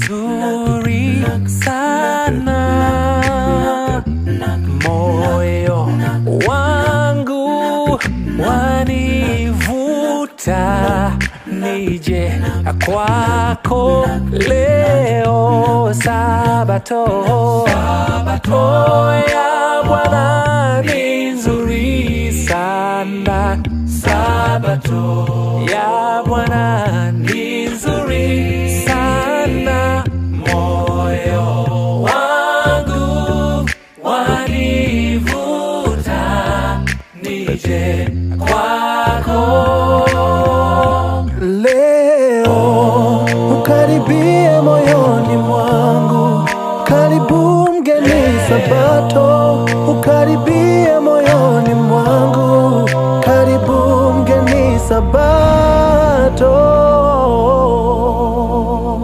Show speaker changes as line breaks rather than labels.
Sabato sana moyo wangu wanivuta nije kwako leo Sabato,
Sabato
ya Bwana ni nzuri
sana
Sabato nipite kwako leo, ukaribie moyoni mwangu, karibu mgeni Sabato, ukaribie moyoni mwangu, karibu mgeni Sabato.